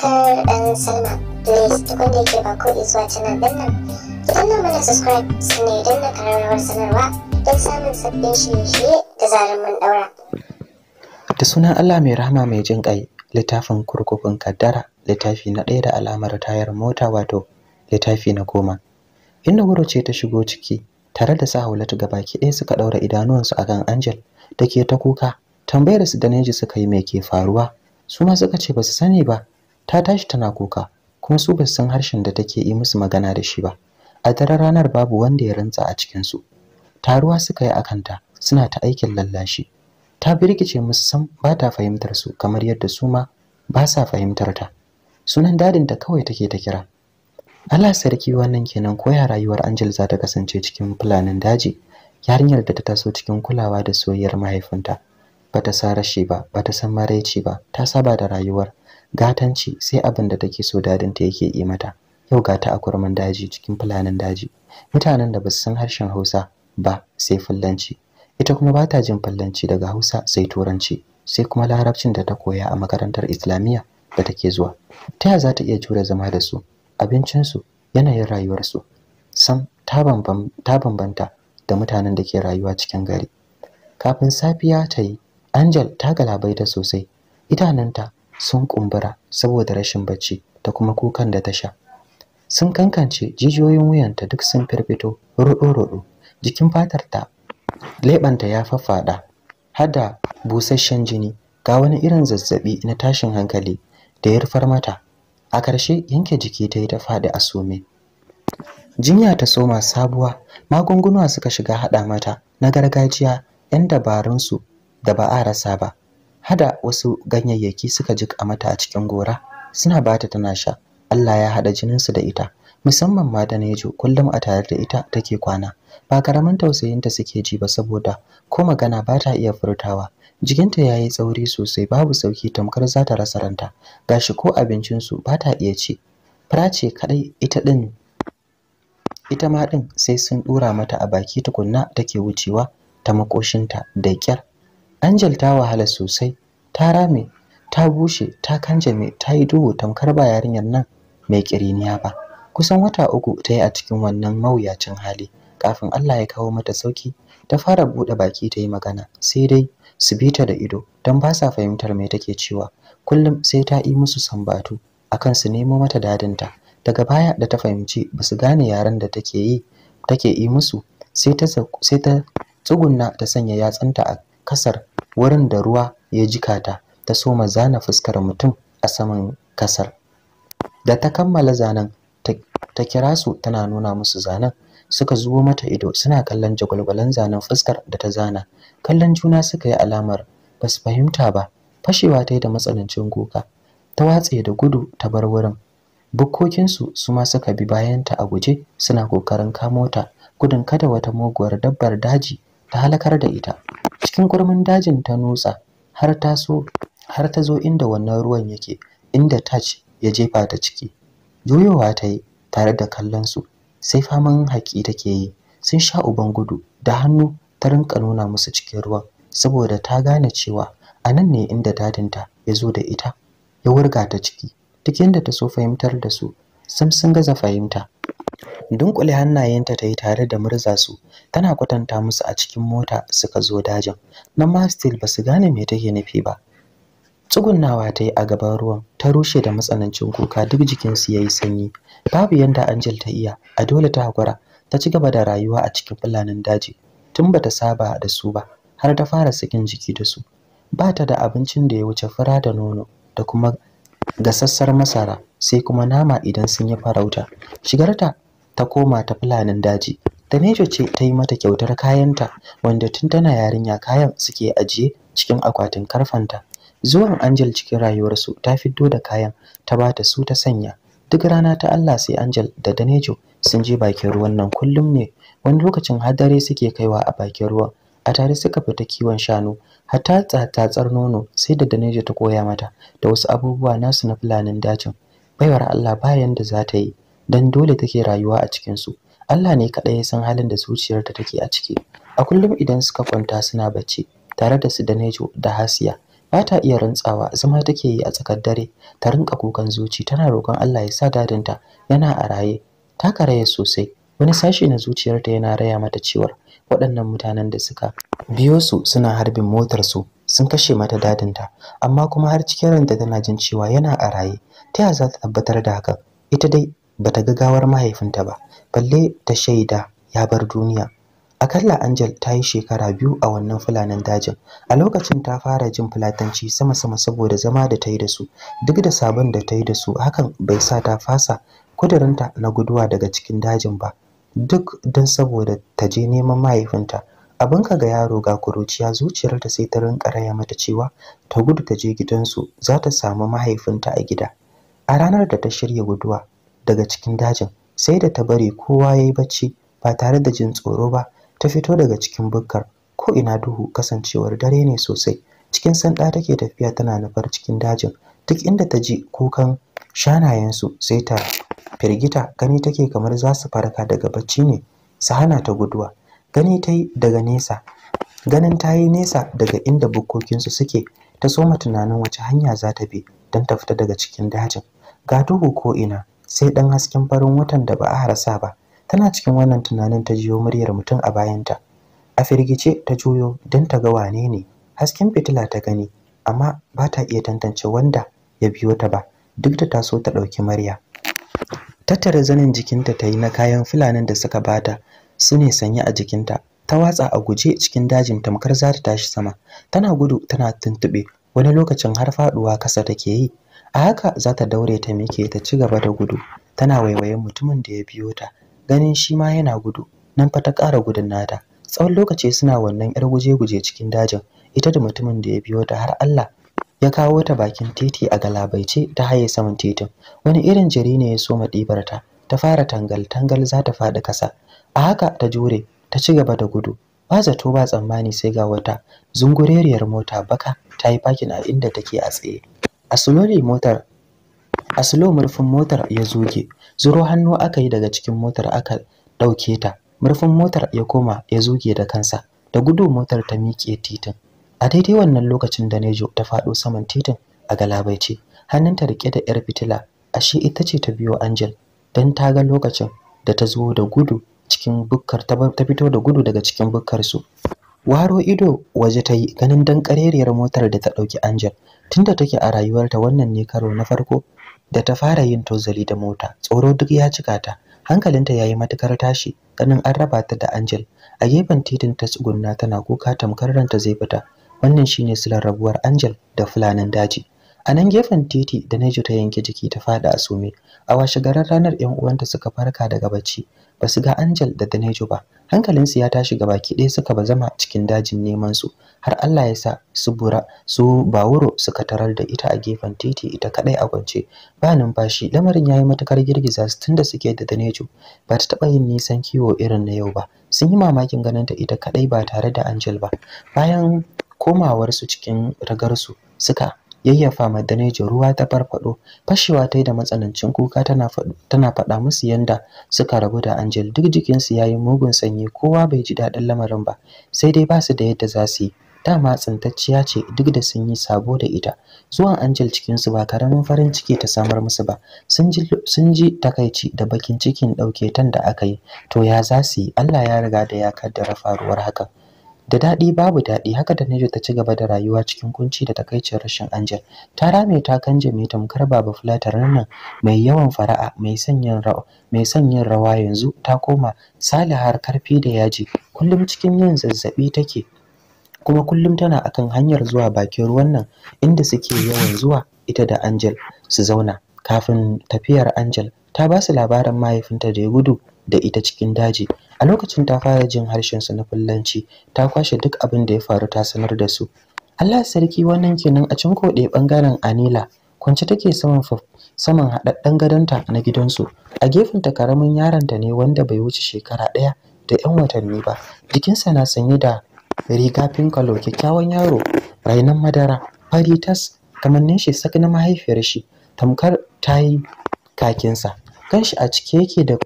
subscribe and sign up. Please da ba ko subscribe sanarwa don samun da sunan Allah mai rahama mai jin ƙai, littafin kurkukun kaddara, littafi na ɗaya da alamar tayar mota wato littafi na goma. Inda wuro ce ta shigo ciki tare da sa ga baki ɗaya suka ɗaura idanuwansu akan Angel da ke ta kuka tambayar su da Neji suka yi mai ke faruwa su ma suka ce ba su sani ba ta tashi tana kuka kuma su ba san harshen da take yi musu magana da shi ba a daren ranar babu wanda ya rantsa a cikin su taruwa suka yi akanta suna ta aikin lallashi ta birkice musu san ba ta fahimtar su kamar yadda su ma ba sa fahimtar ta sunan dadin ta kawai take ta kira Allah sarki wannan kenan koya rayuwar Angel za ta kasance cikin fulanin daji yarinyar da ta taso cikin kulawa da soyayyar mahaifinta bata sa rashi ba bata san maraici ba ta saba da rayuwar gatanci sai abin da take so dadinta yake yi mata yau gata a kurman daji cikin fulanin daji mutanen da ba san harshen Hausa ba sai fullanci ita kuma ba ta jin fullanci daga Hausa sai turanci sai kuma larabcin da ta koya a makarantar Islamiyya da take zuwa ta ya za ta iya jure zama da su abincin su yanayin rayuwarsu san ta bambanta da mutanen da ke rayuwa cikin gari kafin safiya ta yi angel ta galabaita sosai idanunta sun kumbura saboda rashin bacci da kuma kukan da ta sha sun kankance jijiyoyin wuyanta duk sun firfito roɗo-roɗo. jikin fatar ta leɓanta ya faffaɗa hada busasshen jini ga wani irin zazzaɓi na tashin hankali da ya rufar mata a ƙarshe yanke jiki ta yi ta faɗi a some jinya ta soma sabuwa magunguna suka shiga haɗa mata na gargajiya 'yan dabarunsu da ba a rasa ba hada wasu ganyayyaki suka jika mata a cikin gora suna bata tana sha Allah ya hada su da ita musamman ma da Nejo kullum a tare da ita take kwana ba karaman ta suke ji ba saboda ko magana ba ta iya furtawa jikinta yayi tsauri sosai babu sauki tamkar za ta rasa ranta gashi ko abincinsu ba ta iya ci fara ce kadai ita din ita ma din sai sun dura mata a baki tukunna take wucewa ta makoshinta da kyar Angel ta wahala sosai, ta rame, ta bushe, ta kanjame, ta yi duhu tamkar ba yarinyar nan mai kiriniya ba. Kusan wata uku ta yi a cikin wannan mawuyacin hali kafin Allah ya kawo mata sauki ta fara buɗe baki ta yi magana sai dai su bi ta da ido don ba sa fahimtar me take cewa kullum sai ta yi musu sambatu akan su nemo mata dadinta daga baya da ta fahimci ba su gane yaren da take yi take yi musu sai ta sai ta tsugunna ta sanya yatsanta a kasar wurin da ruwa ya jikata ta soma zana fuskar mutum a saman kasar da ta kammala zanen ta kira su tana nuna musu zanen suka zubo mata ido suna kallon jagwalgwalan zanen fuskar da ta zana kallon juna suka yi alamar ba su fahimta ba fashewa ta yi da matsanancin kuka ta watse da gudu ta bar wurin bukkokinsu su ma suka bi bayanta a guje suna kokarin kamo ta gudun kada wata muguwar dabbar daji ta halakar da ita cikin kurmin dajin ta nutsa har ta so har ta zo inda wannan ruwan yake inda Taj ya jefa ta ciki juyowa ta yi tare da kallon su sai faman haƙi take yi sun sha uban gudu da hannu ta rinka nuna musu cikin ruwan saboda ta gane cewa a nan ne inda dadinta ya zo da ita ya wurga ta ciki duk yadda ta so fahimtar da su sam sun gaza fahimta dunkule hannayenta ta yi tare da murza su tana kwatanta musu a cikin mota suka zo dajin Na mastil ba su gane me take nufi ba tsugunnawa ta yi a gaban ruwan ta rushe da matsanancin kuka duk jikinsu ya yi sanyi babu yadda angel ta iya a dole ta hakura ta ci gaba da rayuwa a cikin fulanin daji tun ba ta saba da su ba har ta fara sakin jiki da su ba ta da abincin da ya wuce fura da nono da kuma gasassar masara sai kuma nama idan sun yi farauta shigarta ta koma ta fulanin daji Tanejo ce ta yi mata kyautar kayanta wanda tun tana yarinya kayan suke ajiye cikin akwatin karfanta. Zuwan Angel cikin rayuwarsu ta fito da kayan ta bata su ta sanya. Duk rana ta Allah sai Angel da Danejo sun je bakin ruwan nan kullum ne wani lokacin har dare suke kaiwa a bakin ruwa A tare suka fita kiwon shanu Hata tsatsatsar nono sai da Danejo ta koya mata da wasu abubuwa nasu na fulanin dajin. Baiwar Allah bayan da za ta yi dan dole take rayuwa a cikin su Allah ne kaɗai ya san halin da zuciyarta take a ciki a kullum idan suka kwanta suna bacci tare da su da Nejo da Hasiya ba ta iya rantsawa zama take yi a tsakar dare ta rinka kukan zuci tana roƙon Allah ya sa dadinta yana a raye ta karaya sosai wani sashi na zuciyarta yana raya mata cewa waɗannan mutanen da suka biyo su suna harbin motar su sun kashe mata dadinta amma kuma har cikin ranta tana jin cewa yana a raye ta yaya za ta tabbatar da haka ita dai bata ga gawar mahaifinta ba balle ta shaida ya bar duniya akalla Angel ta yi shekara biyu a wannan fulanin dajin a lokacin ta fara jin fulatanci sama sama saboda zama da ta yi da su duk da sabon da ta yi da su hakan bai sa ta fasa kudurinta na guduwa daga cikin dajin ba duk don saboda ta je neman mahaifinta abin ka ga yaro ga kuruciya zuciyarta sai ta rinka raya mata cewa ta gudu ta je gidansu za ta samu mahaifinta a gida a ranar da ta shirya guduwa daga cikin dajin sai da ta bari kowa ya yi bacci ba tare da jin tsoro ba ta fito daga cikin bukkar ko ina duhu kasancewar dare ne sosai cikin sanda take tafiya tana nufar cikin dajin duk inda ta ji kukan shanayensu sai ta firgita gani take kamar za su farka daga bacci ne su hana ta guduwa gani ta yi daga nesa ganin ta yi nesa daga inda bukkokinsu suke ta soma tunanin wace hanya za ta bi don ta fita daga cikin dajin ga duhu ko ina sai dan hasken farin watan da ba a harasa ba tana cikin wannan tunanin ta jiyo muryar mutum a bayanta a firgice ta juyo don ta ga wane ne hasken fitila ta gani amma ba ta iya tantance wanda ya biyo ta ba duk da ta so ta ɗauki murya tattara zanin jikinta ta yi na kayan fulanin da suka bata su ne sanye a jikinta ta watsa a guje cikin dajin tamkar za ta tashi sama tana gudu tana tuntuɓe wani lokacin har faɗuwa kasa take yi a haka za ta daure ta mike ta ci gaba da gudu tana waiwayen mutumin da ya biyo ta ganin shi ma yana gudu nan fa ta ƙara gudun nata tsawon lokaci suna wannan yar guje-guje cikin dajin ita da mutumin da ya biyo ta har Allah ya kawo ta bakin titi a galabaice ta haye saman titin wani irin jiri ne ya soma ɗibar ta ta fara tangal-tangal za ta faɗi ƙasa. a haka ta jure ta ci gaba da gudu ba zato ba tsammani sai ga wata zungureriyar mota baka ta yi fakin a inda take a tsaye a sulori motar a sulo murfin motar ya zuge zuro hannu aka yi daga cikin motar aka ɗauke ta murfin motar ya koma ya zuge da kansa da gudu motar ta miƙe titin a daidai wannan lokacin da nejo ta faɗo saman titin a galabaice hannunta Rike da 'yar fitila ashe ita ce ta biyo angel don ta ga lokacin da ta zo da gudu cikin bukkar ta fito da gudu daga cikin bukkar su waro ido waje ta yi ganin dan kareriyar motar da ta ɗauki angel tunda take a rayuwarta wannan ne karo na farko da ta fara yin tozali da mota tsoro duk ya cika ta hankalinta ya yi matukar tashi ganin an raba ta da angel a gefen titin ta tsugunna tana kuka tamkar ranta zai fita wannan shine silar rabuwar angel da fulanin daji a nan gefen titi da ta yanke jiki ta fada a sume a washe garin ranar yan uwanta suka farka daga bacci basu ga Angel da Danejo ba hankalinsu ya tashi gaba ki ɗaya suka zama cikin dajin neman su har Allah ya sa su bura su bawuro suka tarar da ita a gefen titi ita kadai a kwance ba numfashi lamarin yayi matukar girgiza su tunda suke da Danejo ba ta taba yin nisan kiwo irin na yau ba sun yi mamakin ganin ta ita kadai ba tare da Angel ba bayan komawar su cikin ragarsu suka yayyafa ma danejo ruwa ta farfado fashewa ta yi da matsanancin kuka tana faɗa musu yanda suka rabu da Angel duk jikinsu yayi mugun sanyi kowa bai ji daɗin lamarin ba sai dai basu da yadda za su yi dama tsintacciya ce duk da sun yi sabo da ita zuwan Angel cikinsu ba karamin farin ciki ta samar musu ba sun ji takaici da bakin cikin dauke tan da aka yi to ya za su yi Allah ya riga da ya kaddara faruwar hakan da daɗi babu daɗi haka da Nejo ta ci gaba da rayuwa cikin kunci da takaicin rashin Angel ta rame ta kanjame tamkar baba fulatar nan mai yawan fara'a mai sanyin rawa mai sanyin rawa yanzu ta koma har karfi da yaji kullum cikin yin zazzabi take kuma kullum tana akan hanyar zuwa bakin ruwan nan inda suke yawan zuwa ita da Angel su zauna kafin tafiyar Angel ta ba su labarin mahaifinta da ya gudu da ita cikin daji a lokacin ta fara jin harshen su na fullanci ta kwashe duk abin da ya faru ta sanar da su Allah sarki wannan kenan a cikin kode bangaren Anila kwance take saman saman haɗaɗɗen gadonta na gidansu a gefen ta karamin yaronta ne wanda bai wuce shekara ɗaya da 'yan watanni ba jikinsa na sanye da riga pinkalo kyakkyawan yaro rainan madara fari tas kamannin shi sak na mahaifiyar shi tamkar ta yi kakinsa kanshi a cike yake da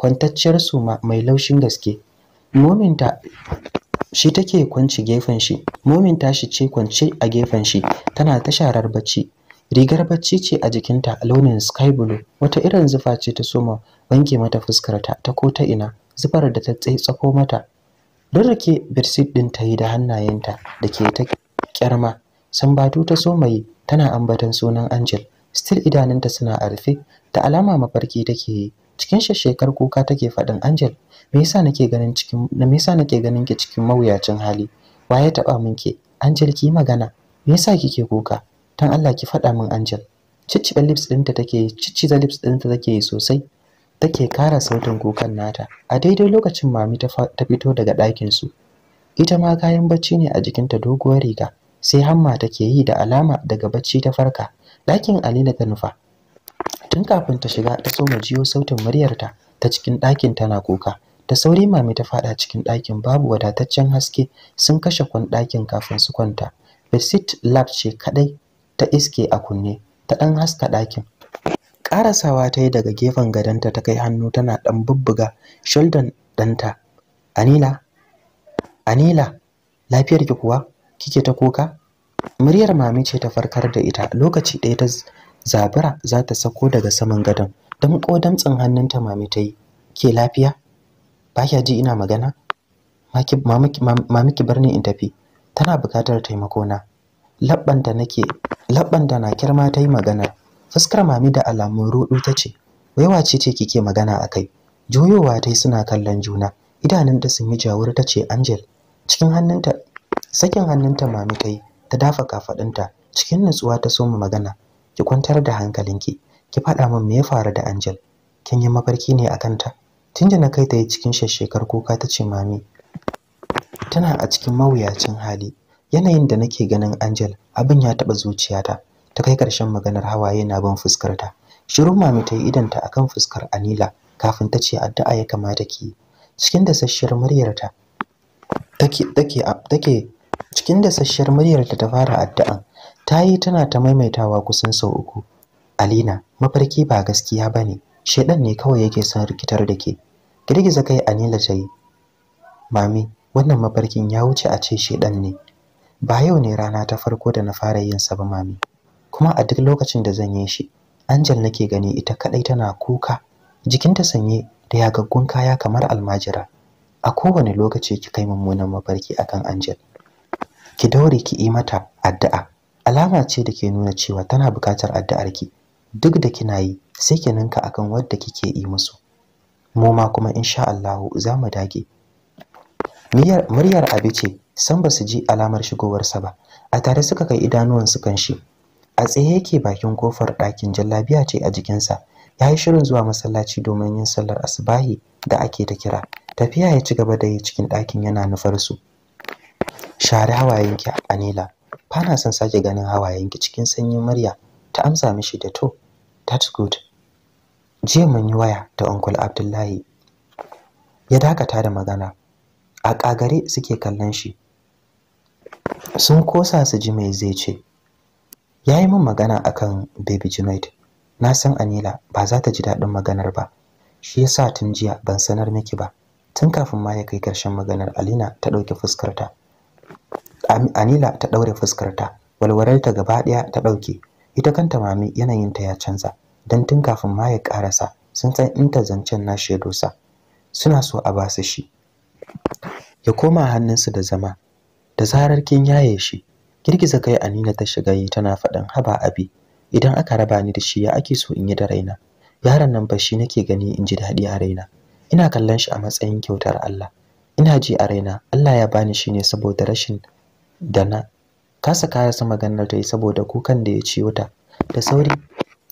kwantacciyar suma mai laushin gaske mominta shi take kwanci gefen shi momin shi ce kwance a gefen shi tana ta sharar bacci rigar bacci ce a jikinta launin sky blue wata irin zufa ce ta soma wanke mata fuskarta ta ko ta ina zufar da ta tsako mata rarrake birsit din ta yi da hannayenta da ke ta kyarma sambatu ta soma yi tana ambaton sunan angel still idanunta suna a rufe da alama mafarki take yi cikin shekar kuka take faɗin Angel me yasa nake ganin cikin me yasa nake ganin ki cikin mawuyacin hali waye taba min ke Angel ki magana me yasa kike kuka dan Allah ki faɗa min Angel cicciɓa lips ɗinta take cicciza lips ɗinta take sosai take kara sautin kukan nata a daidai lokacin mami ta fito daga ɗakin su ita ma kayan bacci ne a jikinta doguwar riga sai hamma take yi da alama daga bacci ta farka ɗakin ali na nufa tun kafin ta shiga ta soma jiyo sautin muryarta ta cikin ɗakin tana kuka da sauri mami ta faɗa cikin ɗakin babu wadataccen haske sun kashe kwan ɗakin kafin su kwanta besit lab ce kaɗai ta iske a kunne ta ɗan haska ɗakin ƙarasawa ta yi daga gefen gadonta ta kai hannu tana ɗan bubbuga shuldan ɗanta anila anila lafiyarki kuwa kike ta kuka muryar mami ce ta farkar da ita lokaci ɗaya ta Zabira za ta sako daga saman gadon don ko hannunta mami ta yi ke lafiya ba kya ji ina magana mami ki bar in tafi tana bukatar taimakona. na labbanta nake labbanta na kirma ta yi magana fuskar mami da alamun ruɗu ta ce wai wace ce kike magana akai juyowa ta yi suna kallon juna idanunta sun yi jawur ta ce angel cikin hannunta sakin hannunta mami ta yi ta dafa kafaɗinta cikin nutsuwa ta soma magana ki kwantar da hankalinki ki faɗa min me ya faru da Angel kin yi mafarki ne akan ta tunda na kai ta yi cikin shekar kuka ta ce mami tana a cikin mawuyacin hali yanayin da nake ganin Angel abin ya taɓa zuciyata ta kai ƙarshen maganar hawaye na bin ta. shirin mami ta yi idanta akan fuskar Anila kafin ta ce addu'a ya kamata ki cikin muryar ta take take cikin muryar muryarta ta fara addu'an ta yi tana ta maimaitawa kusan sau uku alina mafarki ba gaskiya ba ne shaidan ne kawai yake son rikitar da ke girgiza kai anila ta yi mami wannan mafarkin ya wuce a ce shaidan ne ba yau ne rana ta farko da na fara yin sa ba mami kuma a duk lokacin da zan yi shi Angel nake gani ita kadai tana kuka jikinta sanye da yagaggun kaya kamar almajira a kowane lokaci ki kai mummunan mafarki akan Angel ki daure ki yi mata addu'a alama ce da ke nuna cewa tana buƙatar ki, duk da kina yi sai ki ninka akan wadda kike yi musu mu ma kuma insha Allah za mu dage miyar muryar abi ce san ba su ji alamar shigowarsa ba a tare suka kai su kan shi a tsaye yake bakin kofar ɗakin jallabiya ce a jikinsa ya yi shirin zuwa masallaci domin yin sallar asubahi da ake da kira tafiya ya ci gaba da yi cikin ɗakin yana nufar su share hawayenki a anila ba na son sake ganin hawayenki cikin sanyin murya ta amsa mishi da to that's good jiya mun yi waya da uncle abdullahi ya dakata da magana a kagare suke kallon shi sun kosa su ji mai zai ce ya yi min magana akan baby junaid na san anila ba za ta ji daɗin maganar ba shi yasa tun jiya ban sanar miki ba tun kafin ma ya kai ƙarshen maganar alina ta ɗauki fuskarta Anila ta daure fuskarta, walwalarta gaba daya ta dauke. Ita kanta mami yanayin ta ya canza, dan tun kafin ma ya karasa sun san in ta zancen na dosa. Suna so a ba su shi. Ya koma hannunsu da zama. Da zarar kin yaye shi, girgiza kai Anila ta shiga yi tana faɗin haba abi. Idan aka raba ni da shi ya ake so in yi da raina. Yaron nan ba shi nake gani in ji daɗi a raina. Ina kallon shi a matsayin kyautar Allah. Ina ji a raina Allah ya bani shi ne saboda rashin da na kasa karasa maganar ta yi saboda kukan da ya ciyo ta da sauri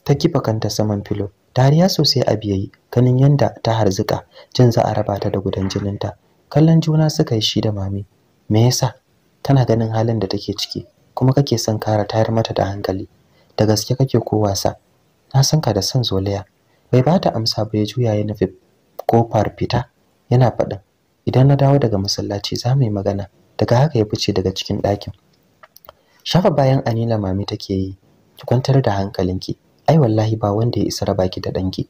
ta kifa kanta saman filo dariya sosai a biyayi ganin yanda ta harzuka jin za a raba ta da gudan jininta kallon juna suka yi shi da mami me yasa kana ganin halin da take ciki kuma kake son kara tayar mata da hankali da gaske kake ko wasa na san ka da son zolaya bai ba ta amsa ba ya juya ya nufi kofar fita yana faɗin idan na dawo daga masallaci za mu yi magana daga haka ya fice daga cikin ɗakin shafa bayan anina mami take yi ki kwantar da hankalinki ai wallahi ba wanda ya isa raba ki da danki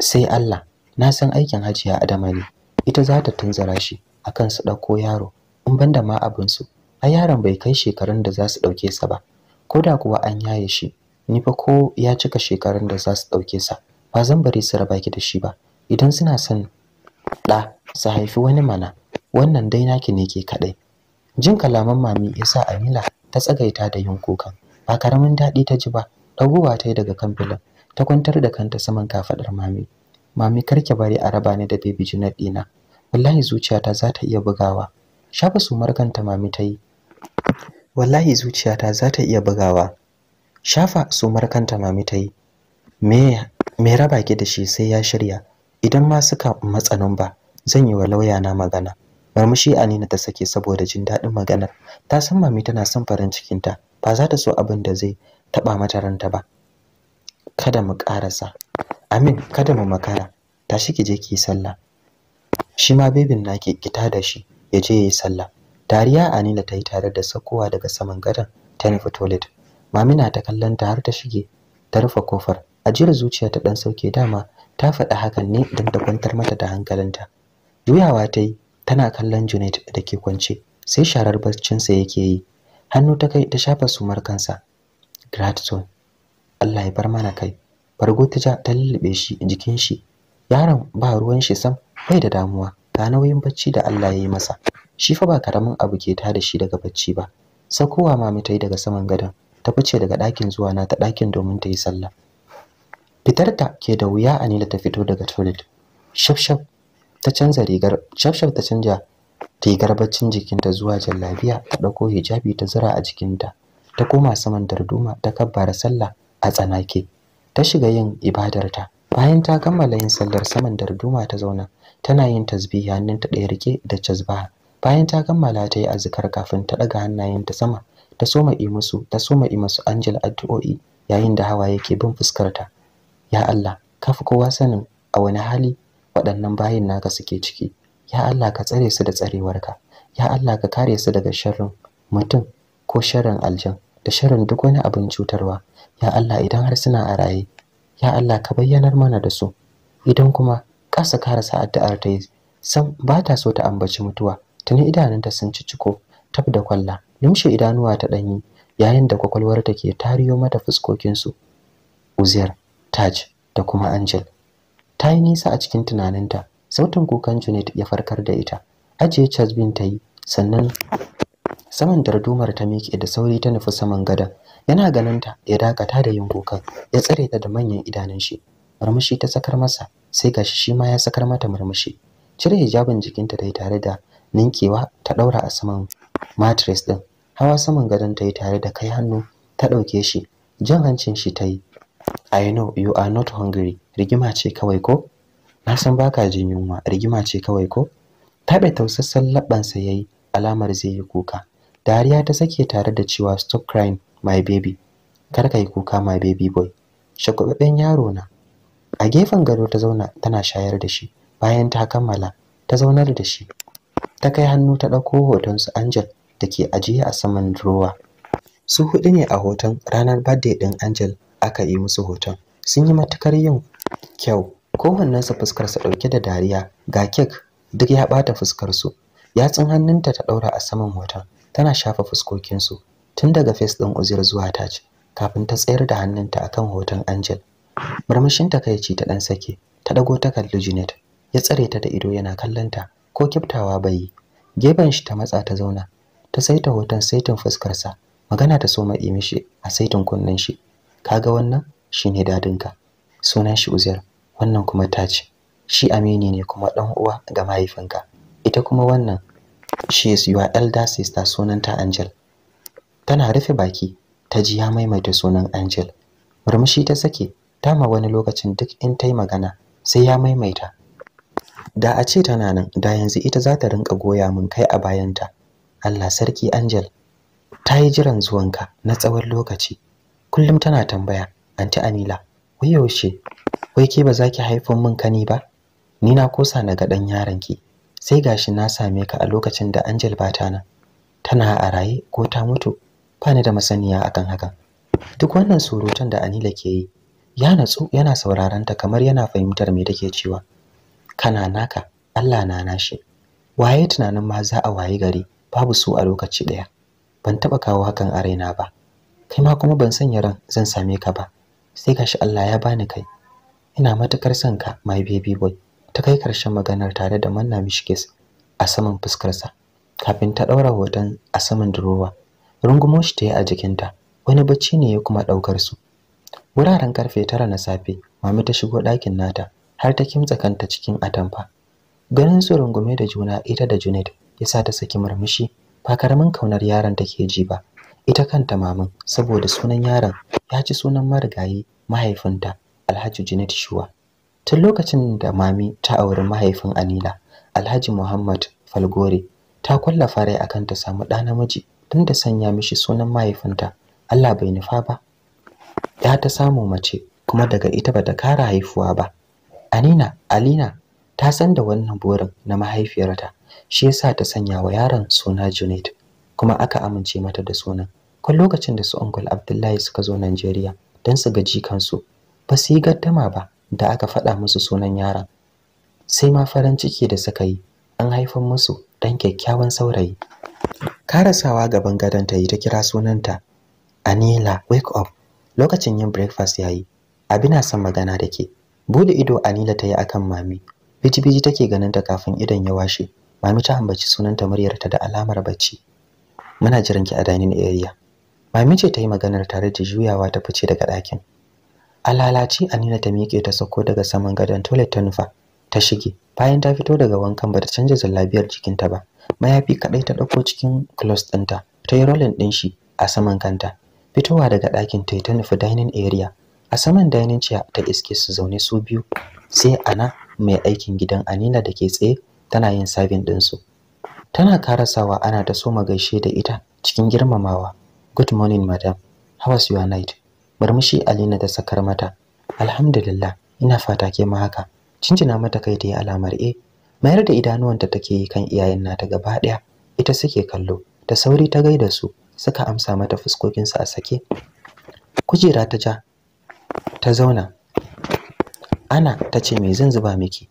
sai Allah na san aikin hajiya Adama ne ita za ta tunzara shi akan su ɗauko yaro in banda ma abin su ai yaron bai kai shekarun da za su ɗauke sa ba ko da kuwa an yaye shi ni fa ko ya cika shekarun da za su ɗauke sa ba zan bari su raba ki da shi ba idan suna son ɗa su haifi wani mana wannan dai naki ne ke kaɗai jin kalaman mami yasa amila ta tsagaita da yin kukan ba karamin daɗi ta ji ba ɗaguwa ta yi daga kan filin ta kwantar da kanta saman kafaɗar mami mami karki bari a raba ni da baby jinar ɗina wallahi zuciyata za ta iya bugawa shafa sumar kanta mami ta yi wallahi zuciyata za ta iya bugawa shafa sumar kanta mami ta yi me me raba ki da shi sai ya shirya idan ma suka matsanin ba zan yi wa lauya na magana Murmushi Anina ta sake saboda jin daɗin maganar. Ta san mami tana son farin ta ba za ta so abin da zai taɓa mata ranta ba. Kada mu karasa Amin, kada mu makara. Tashi ki je ki sallah. Shi ma bebin naki kita da shi ya je ya yi sallah. Dariya Anina ta yi tare da sakowa daga saman gadon ta nufi toilet. Mami na ta kallon ta har ta shige ta rufe kofar. Ajiyar zuciya ta dan sauke dama ta faɗi hakan ne don da kwantar mata da hankalinta. Juyawa ta yi tana kallon Junaid da ke kwance sai sharar sa yake yi hannu ta kai ta shafa sumar kansa gratitude Allah ya bar mana kai bargo ta ja ta lullube shi jikin shi yaron ba ruwan shi sam bai da damuwa Ta nauyin bacci da Allah ya yi masa shi fa ba karamin abu ke tada shi daga bacci ba sakowa mami ta yi daga saman gadon ta fice daga ɗakin zuwa na ta ɗakin domin ta yi sallah fitarta ke da wuya anila ta fito daga toilet shafshaf ta canza rigar shafshaf ta canja rigar baccin jikinta zuwa jallabiya ta ɗauko hijabi ta zura a jikinta ta koma saman darduma ta kabbara sallah a tsanake ta shiga yin ibadarta bayan ta kammala yin sallar saman darduma ta zauna tana yin tasbihi hannunta ɗaya rike da cazbaha. bayan ta kammala ta yi azkar kafin ta ɗaga hannayenta sama ta soma yi musu ta soma yi musu anjil addu'o'i yayin da hawa yake bin fuskarta ya Allah kafi kowa sanin a wani hali waɗannan bayin naka suke ciki ya Allah ka tsare su da tsarewarka ya Allah ka kare su daga sharrin mutum ko sharrin aljan da sharrin duk wani abin cutarwa ya Allah idan har suna a raye ya Allah ka bayyanar mana da su idan kuma kasa karasa addu'ar ta yi sam ba ta so ta ambaci mutuwa tuni idanunta sun ci ciko, tab da kwalla limshe idanuwa ta danyi yayin da kwakwalwar take tariyo mata fuskokinsu uzair taj da kuma angel ta yi nisa a cikin tunaninta sautin kukan junet ya farkar da ita ajiye chasbin ta yi sannan saman dardumar ta miƙe da sauri ta nufi saman gadon yana ganinta ya dakata da yin kukan ya tsare ta da manyan idanun shi murmushi ta sakar masa sai gashi shi ma ya sakar mata murmushi cire hijabin jikinta ta yi tare da ninkewa ta ɗaura a saman mattress din hawa saman gadon ta yi tare da kai hannu ta ɗauke shi jan hancin shi ta yi i know you are not hungry rigima ce kawai ko na san baka jin yunwa rigima ce kawai ko tabe tausassan labansa yayi alamar zai yi kuka dariya ta sake tare da cewa stop crying my baby kar ka kuka my baby boy shakwaɓaɓɓen yaro na a gefen gado ta zauna tana shayar da shi bayan ta kammala ta zaunar da shi ta kai hannu ta ɗauko hoton su Angel da ke ajiye a saman drawer su hudu ne a hoton ranar birthday ɗin Angel aka yi musu hoton sun yi matukar yin kyau fuskar fuskarsa ɗauke da dariya ga kek duk ya ɓata fuskarsu yatsun hannunta ta ɗaura a saman hoton tana shafa fuskokinsu tun daga fes ɗin uzir zuwa tace kafin ta tsayar da hannunta a kan hoton angel murmushin takaici ta ɗan sake ta ɗago ta kalli junet ya tsare ta da ido yana kallonta ko kyaftawa bai yi gefen shi ta matsa ta zauna ta saita hoton saitin fuskarsa magana ta so maɗi mishi a saitin kunnen shi kaga wannan shine dadinka sunan shi Uzair wannan kuma tace shi amini ne kuma dan uwa ga mahaifinka ita kuma wannan she is your elder sister sunanta Angel tana rufe baki ta ji ya maimaita sunan Angel murmushi ta sake dama wani lokacin duk in tai magana sai ya maimaita da a ce tana nan da yanzu ita za ta rinka goya mun kai a bayanta Allah sarki Angel ta yi jiran zuwanka na tsawon lokaci kullum tana tambaya anti Amila wai yaushe wai ke ba za ki haifin min kani ba ni na kosa na ga dan yaron ki sai gashi na same ka a lokacin da Angel ba ta nan tana a raye ko ta mutu ba ni da masaniya akan hakan duk wannan surutan da Anila ke yi ya natsu yana sauraron ta kamar yana fahimtar me take cewa kana naka Allah na nashi waye tunanin ma za a waye gari babu su a lokaci daya ban taba kawo hakan a raina ba kai ma kuma ban sanya ran zan same ka ba sai gashi Allah ya bani kai ina matukar son ka my baby boy ta kai karshen maganar tare da manna mishi a saman fuskarsa kafin ta daura hoton a saman durowa rungumo shi ta yi a jikinta wani bacci ne ya kuma daukar su wuraren karfe tara na safe mami ta shigo ɗakin nata har ta kimtsa kanta cikin atamfa ganin su rungume da juna ita da Junaid yasa ta saki murmushi ba karamin kaunar yaron take ji ba ita kanta maman saboda sunan yaron ya ci sunan marigayi mahaifinta Alhaji Junaid Shuwa tun lokacin da mami ta auri mahaifin Anila Alhaji Muhammad Falgore ta kwallafa rai akan ta samu ɗa namiji tun da sanya mishi sunan mahaifinta Allah bai nufa ba ya ta samu mace kuma daga ita bata kara haifuwa ba Anina Alina ta san da wannan burin na mahaifiyarta shi yasa ta sanya wa yaron suna Junaid kuma aka amince mata da sunan kun lokacin da su uncle Abdullahi suka zo Najeriya don su gaji kansu ba su yi gaddama ba da aka faɗa musu sunan yaran. sai ma farin ciki da suka yi an haifar musu dan kyakkyawan saurayi karasawa gaban gadon ta yi ta kira sunanta Anila wake up lokacin yin breakfast yayi na son magana da ke bude ido Anila ta yi akan mami biji-biji take ganin ta kafin idon ya washe mami ta ambaci sunanta muryarta da alamar bacci muna jiran ki a dining area mami ce ta yi maganar tare da juyawa ta fice daga ɗakin a lalace anina ta miƙe ta sako daga saman gadon toilet ta nufa ta shige bayan ta fito daga wankan bata canza zallabiyar jikinta ba mayafi kaɗai ta ɗauko cikin clothes ɗinta ta yi rolling ɗin shi a saman kanta fitowa daga ɗakin ta ta nufi dining area a saman dining chair ta iske su zaune su biyu sai ana mai aikin gidan anina da ke tsaye tana yin sabin ɗinsu tana karasawa ana da so gaishe da ita cikin girmamawa good morning madam how was your night murmushi alina da sakar mata alhamdulillah ina fata ke ma haka cincina mata kai ta yi alamar e mayar da idanuwanta take yi kan iyayen nata gaba daya ita suke kallo da sauri ta gaida su suka amsa mata fuskokinsu a sake kujera ta ja ta zauna ana ta ce me zan zuba miki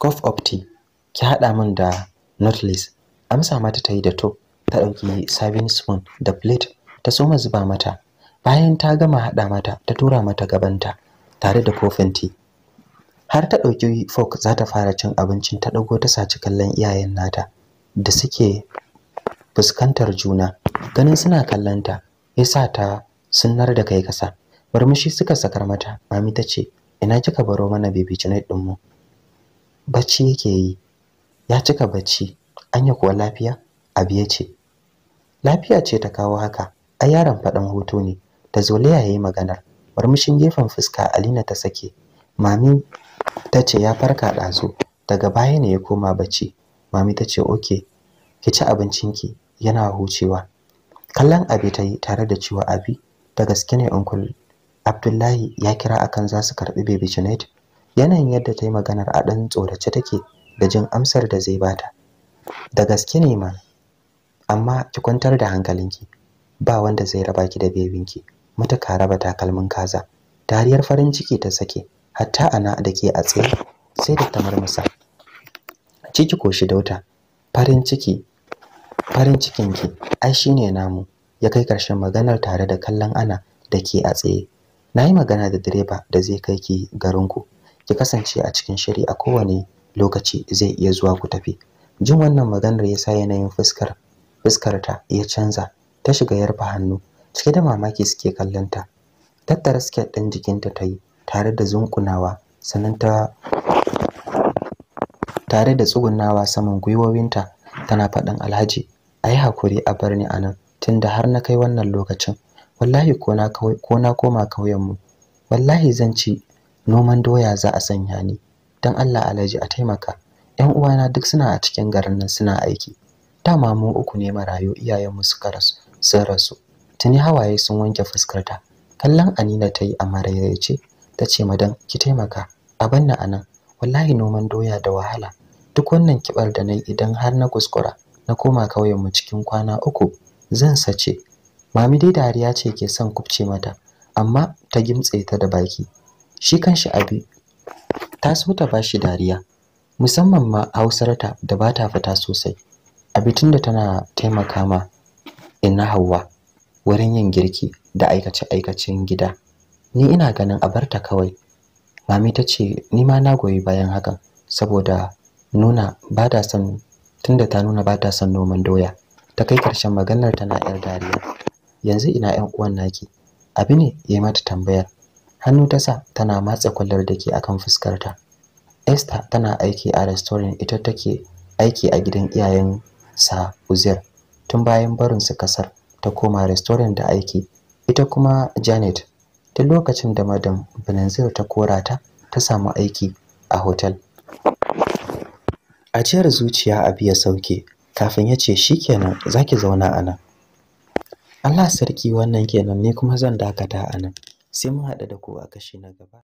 cup of tea ki haɗa min da notless amsa mata ta yi da to ta ɗauki serving spoon da plate ta soma zuba mata bayan ta gama haɗa mata ta tura mata gabanta tare da kofin tea har ta ɗauki fork za ta fara cin abincin ta ɗauko ta saci kallon iyayen nata da suke fuskantar juna ganin suna kallonta ya sa ta sunnar da kai kasa Barmushi suka sakar mata mami ta ce ina kika baro mana bibi cinai ɗinmu bacci yake yi ya cika bacci anya kuwa lafiya ya ce lafiya ce ta kawo haka a yaron faɗan hoto ne da ya yi maganar murmushin gefen fuska alina ta sake mami ta ce ya farka ɗazu daga baya ne ya koma bacci mami ta ce oke ki ci abincinki yana hucewa kallon abi ta yi tare da cewa abi da gaske ne uncle abdullahi ya kira akan za su karɓi baby janet yanayin yadda ta yi maganar a ɗan tsorace take da jin amsar da zai bata da gaske ne ma amma ki kwantar da hankalinki ba wanda zai raba ki da bebinki mutaka raba takalmin kaza dariyar farin ciki ta sake hatta ana da ke a tsaye sai da ta masa ciki ko shi dauta farin ciki farin cikinki ai shine namu ya kai karshen maganar tare da kallon ana da ke a tsaye na yi magana da direba da zai kai ki garinku ki kasance a cikin shiri a kowane lokaci zai iya zuwa ku tafi jin wannan maganar ya sa yanayin fuskar fuskarta ya canza ta shiga yarfa hannu cike da mamaki suke kallon tattara siket ɗin jikinta ta yi tare da zunkunawa sannan ta tare da tsugunawa saman gwiwowinta tana faɗin alhaji a yi hakuri a bar ni a nan tunda har na kai wannan lokacin wallahi ko na koma ƙauyenmu wallahi zan ci noman doya za a sanya ni don Allah Alhaji a taimaka 'Yan uwana duk suna a cikin garin nan suna aiki dama mu uku ne marayu iyayenmu suka rasu sun rasu tuni hawaye sun wanke fuskarta kallon Anina ta yi a ce, ta ce madan ki taimaka a banna anan wallahi noman doya da wahala duk wannan kibar da yi idan har na kuskura na koma kauyenmu cikin kwana uku zan sace mami dai dariya ce ke son kubce mata amma ta gimtse ta da baki shi kanshi abi ta so ta bashi dariya musamman ma hausarta da ba ta fita sosai abitin da tana taimaka ma ina hawa wurin yin girki da aikace-aikacen gida ni ina ganin a barta kawai mami ta ce ni ma na goyi bayan hakan saboda nuna ba ta son tunda ta nuna ba ta son noman doya ta kai karshen maganar tana yar dariya yanzu ina yan uwan naki abi ne ya mata tambayar hannu ta sa tana matsa kwallar da ke akan fuskarta esther tana aiki a restaurant ita take aiki a gidan iyayen sa uzair tun bayan barin su kasar ta koma restaurant da aiki ita kuma janet tun lokacin da madam benazir ta kora ta ta samu aiki a hotel a ciyar zuciya abu ya sauke kafin ya ce shikenan zaki zauna a nan Allah sarki wannan kenan ne kuma zan dakata a nan sai mun haɗu da ku a kashi na gaba.